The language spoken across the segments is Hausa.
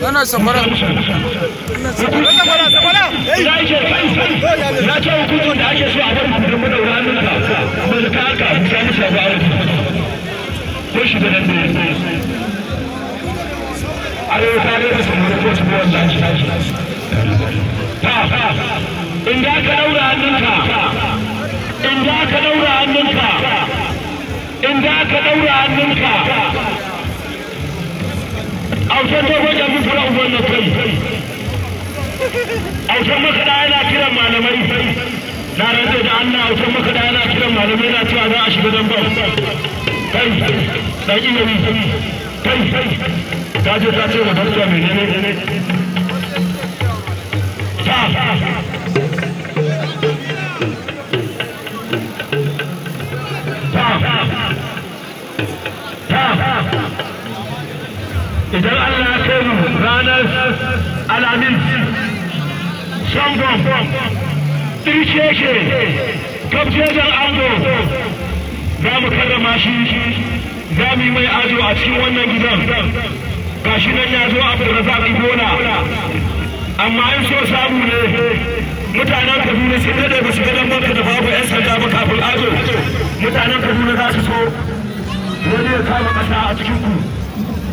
Yana safara. Na ce hukuncin da ake so a bar mutum madaura hannun ka. Mun ka haka an samu safara. Ko shi da nan da yanzu. Arewa da ko su da ake Ta ta. Inda ka daura ka daura ka daura hannunka. autan dogon ƙarfi fura uban na kai makaɗa yana kiran malamai na rantse da Allah autan makaɗa yana kiran malamai na cewa za a shiga don ban kai iya yi kai ta je ta ce wa barka mai ne ne ta idan Allah ya kai mu ranar alamin shangon tirsheke kabjejan ango za mu karrama shi za mu yi mai ajo a cikin wannan gidan gashi nan ya zo abdulrazak ibona amma in so samu ne mutanen kaduna sun dade ba su gadon maka da babu yan sanda ba kafin ajo mutanen kaduna za su so wani ya kama kasa a cikin ku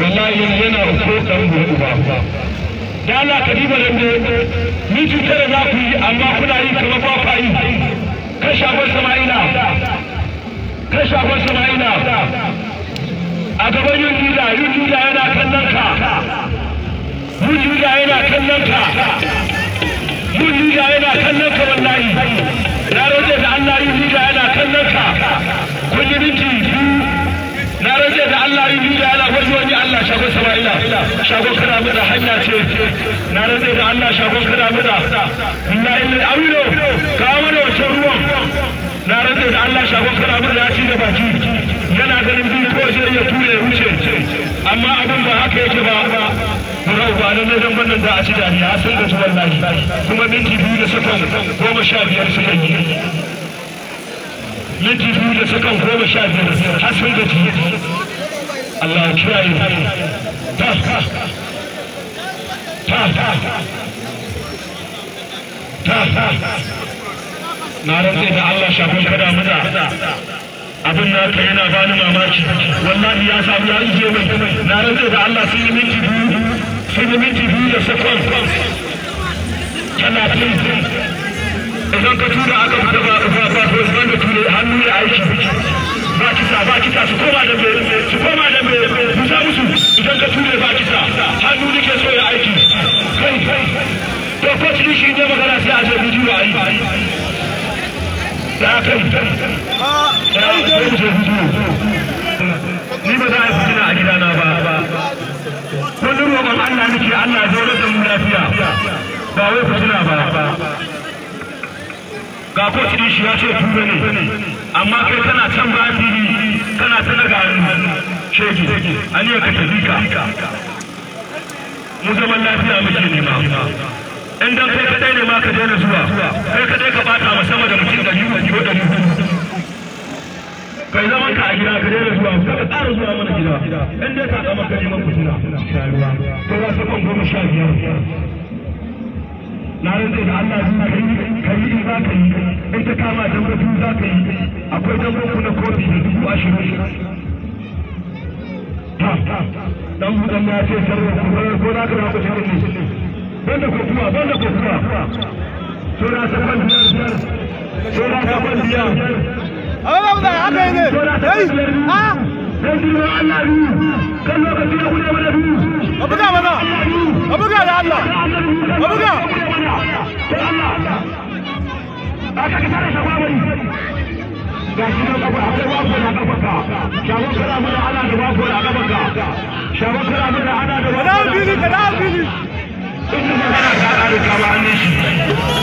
wallahi yanzu yana ko ɗan gobe ba da Allah ka diba da ko miji tare za ku yi amma kuna yi kamar ba ku yi kan shafar sama'ina kan shafar sama'ina a gaban yin juda yin juda yana kallon ka yin juda yana kallon ka yin juda yana kallon ka wallahi na roƙe da Allah yin juda yana kallon ka kun yi minti biyu na rage da Allah yi juda yana gwaji wani Allah shago sama'ila shago kana muda hanya ce na rage da Allah shago kana muda na illa amino kawo mana wancan ruwan na rage da Allah shago kana muda ya ci da baki yana ganin biyu ko zai ya ture wuce amma abin ba haka yake ba mura ubanin na zan wannan da a ci da dariya sun gaji wallahi kuma minti biyu da sakon goma sha biyar suka yi minti biyu da sakan goma sha biyu har da jiye Allah kiyaye ta ta na rantse da Allah shafin kada muna abin na yana bani mamaki wallahi ya samu ya ije mai na rantse da Allah sun minti biyu idan aka fara ba ba ba ko san hannu ya aiki su koma su koma musa musu nake so ya aiki kai kai to ko cikin magana a je bidiyo kai da ni ba za a yi fitina a n'a ba kullum Allah nake Allah ya zo da mun lafiya ba wai fitina ba ga coach din shi ya ce tura ne amma kai kana can bayan bibi kana ta ga hannu shege aniyar ka tafi ka mu zama lafiya muke nema in dan kai kadai ne ma ka daina zuwa kai kadai ka bata ma sama da mutum dari ko ko dari kai zaman ka a gida ka daina zuwa ka tsara zuwa mana gida in dai ka kama ka neman fitina to za su kan goma sha biyar na rantsa da Allah zuwa kai ka yi za ka yi in ta kama dabbobi za ka yi akwai dabbobi na kofi da dubu ashirin dan budan ya ce sarwa kuma ko na kana ku cikin ne banda kokuwa banda kokuwa sura saban biyar sura saban biyar Allah da haka ne ai ha dan girma Allah biyu. kan lokaci da kuma da ni maza abuga da Allah abuga Allah don Allah a ka kasar shagwabari ga shi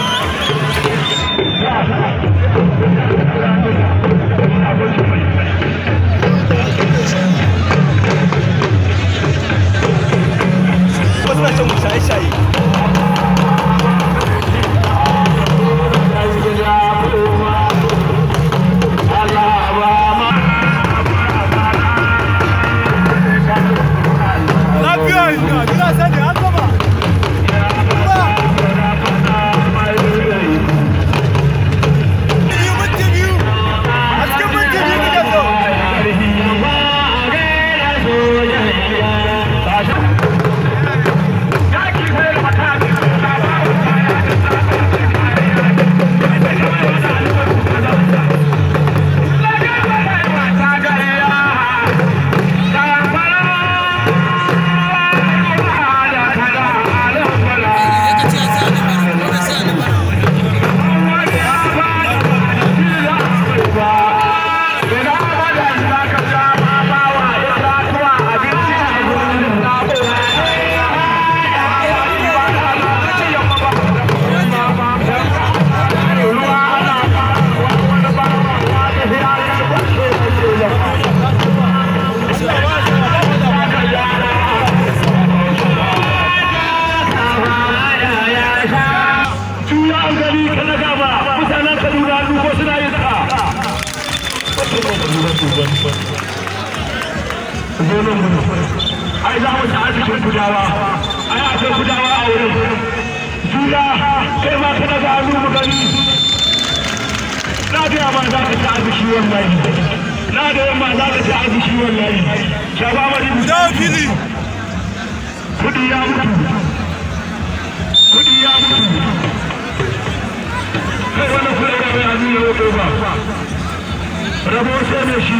rabo sai da shi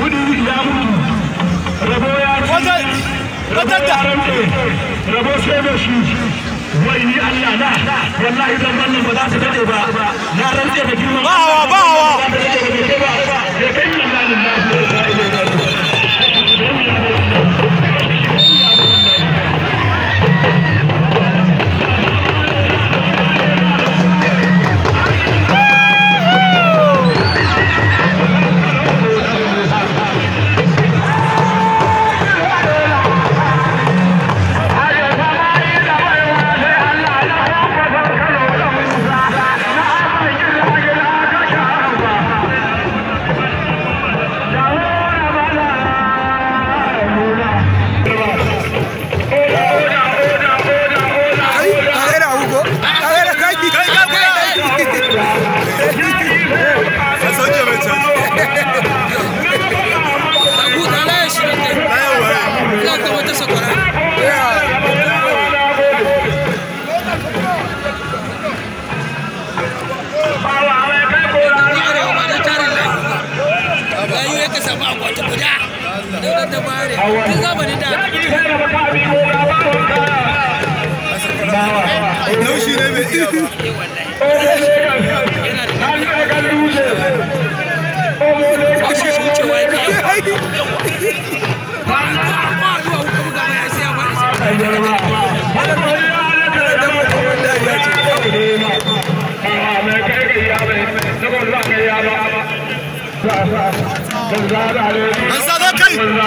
gudu ya mutu rabo ya ci rabo ya ramɗe rabo sai da shi wai ni Allah na wallahi zan wannan ba za su daɗe ba na rantse da girman ba hawa ba hawa da kai lillahi ba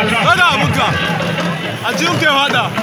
Kada abuka A cikin kai hada.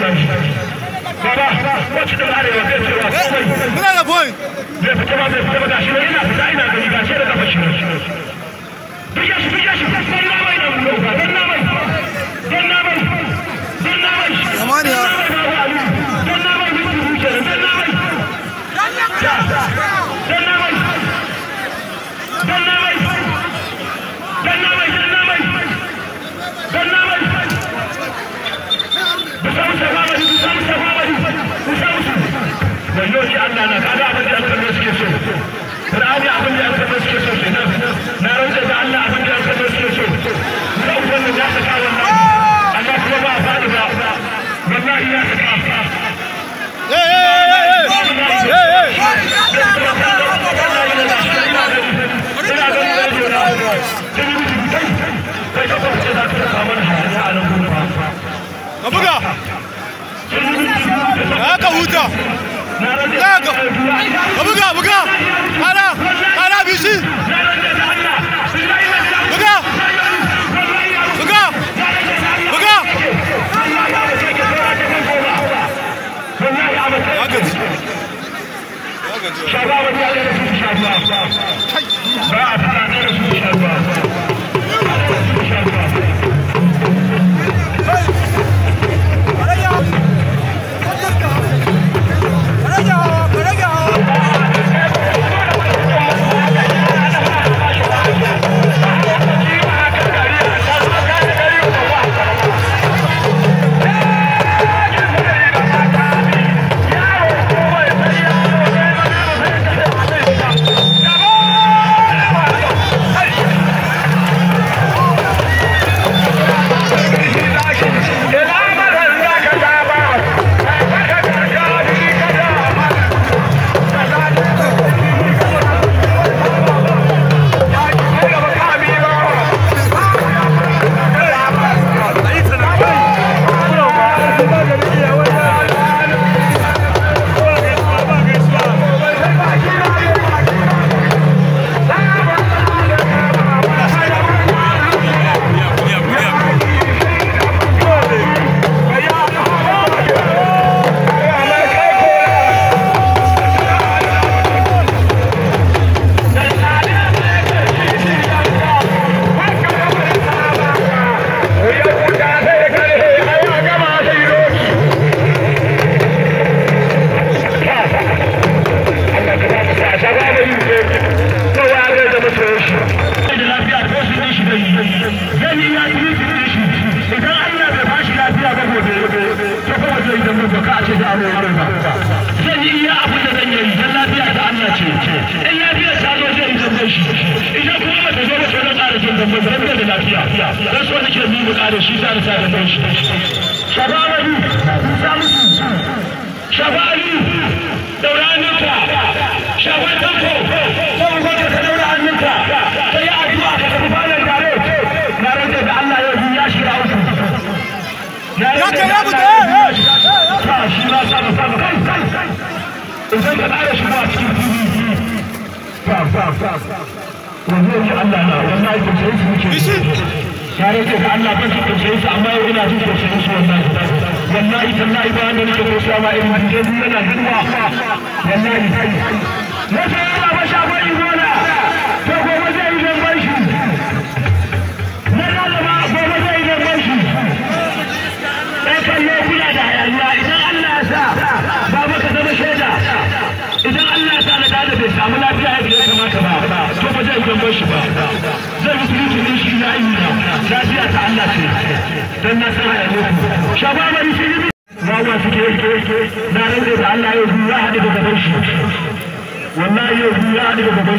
wannan baba wacce da arewa zai da fita na mai da doki Allah na kaga abin da alfarma suke so Qur'ani abin da alfarma suke so kenan na rantsa da Allah abin da alfarma suke so da ubangiji ya saka wannan Allah kuma ba faɗi ba wallahi ya saka eh eh eh eh ka buga ka huta Ka buga buga. Buga. Buga. Buga. tsaro shi za mu sa da kai shafa'ali musa musu shafa'ali daura hannunka shafa'ali mu da Allah ya yi ya shiga wasu ya ce ya buɗe ka shi ma sa sa kai kai idan ka cikin Allah na na rage da Allah ban su tausayin su amma yau ina jin tausayin su wallahi wallahi tallahi ba wanda nake tausaya ma in wanda yanzu yana girma wallahi sai wata yana ba shafa igona to gobe zai yi zan bar shi na lalaba gobe zai yi zan bar shi da hayaniya idan Allah sa zama shaida idan Allah sa na bai samu lafiya ya kamata ba to ba zai yi zan lafiya ta Allah ce don na san haya muku shababari shi ne rawa suke na rage da Allah ya zuwa hadi da gaban shi wallahi ya zuwa hadi da gaban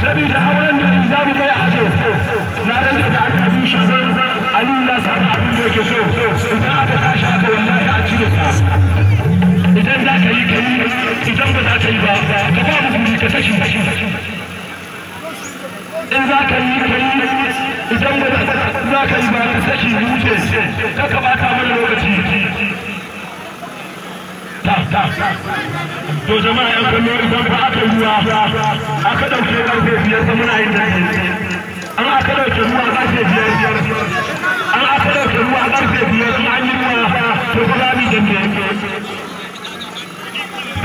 sabida auren da za mu kai a na rage da aka bi shi zai ali na samu abin da yake so in za yi ka yi ba ta mana lokaci to jama'a yan kallo idan ba aka ruwa aka ɗauke ƙarfe biyar ta muna yin daɗi an aka ɗauke ruwa ƙarfe biyar an aka ɗauke ruwa ƙarfe biyar an yi ruwa to ba za mu yi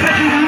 Thank you.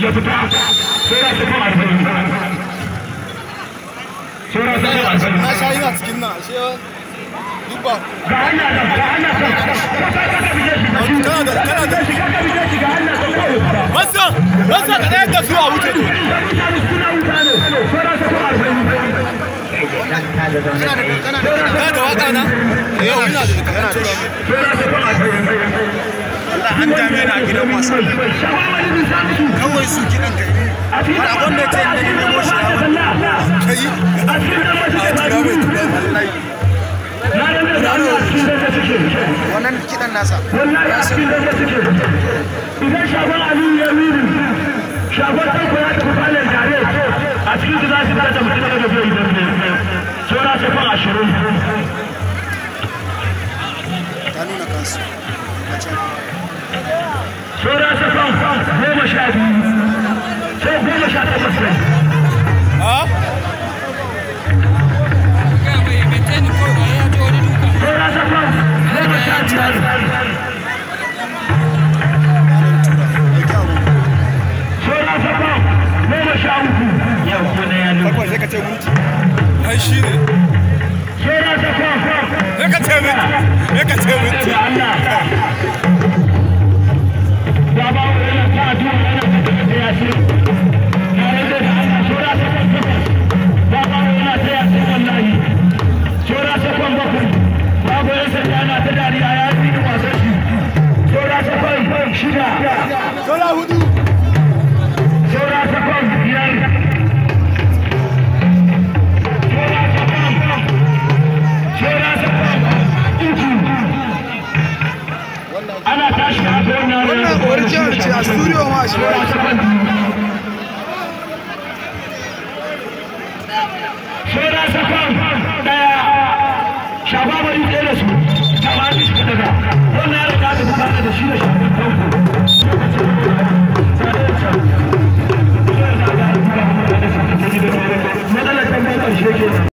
ya fita sai ya tafi arba'in sai ya tafi na sha yi a cikin nan ashe duk ba ga hanya da ga hanya da kana da kana da masa masa ka ɗaya da su na yau ina da kana an dame na gidan wasa kawai su gidan kai har a wanda ce da ne nemo shi a kai a tura mai tura wannan kiɗan nasa ya idan ya shagon tanko ya tafi tare a cikin su za su da mutum daga zai idan ne ashirin ta nuna kansu a can Sora sakon goma sha biyu. Sai goma sha ai ne ka ce minti ya ka ce Shola hudu. Shola takwas biyar. Shola takwas. Shola takwas. Uku. Ana tashi da haka wannan rana. Wannan original ce a studio ma shi. Shola takwas. Shola takwas. Daya. Shababa yi da su. Shababa yi tsaye da Wannan Thank you.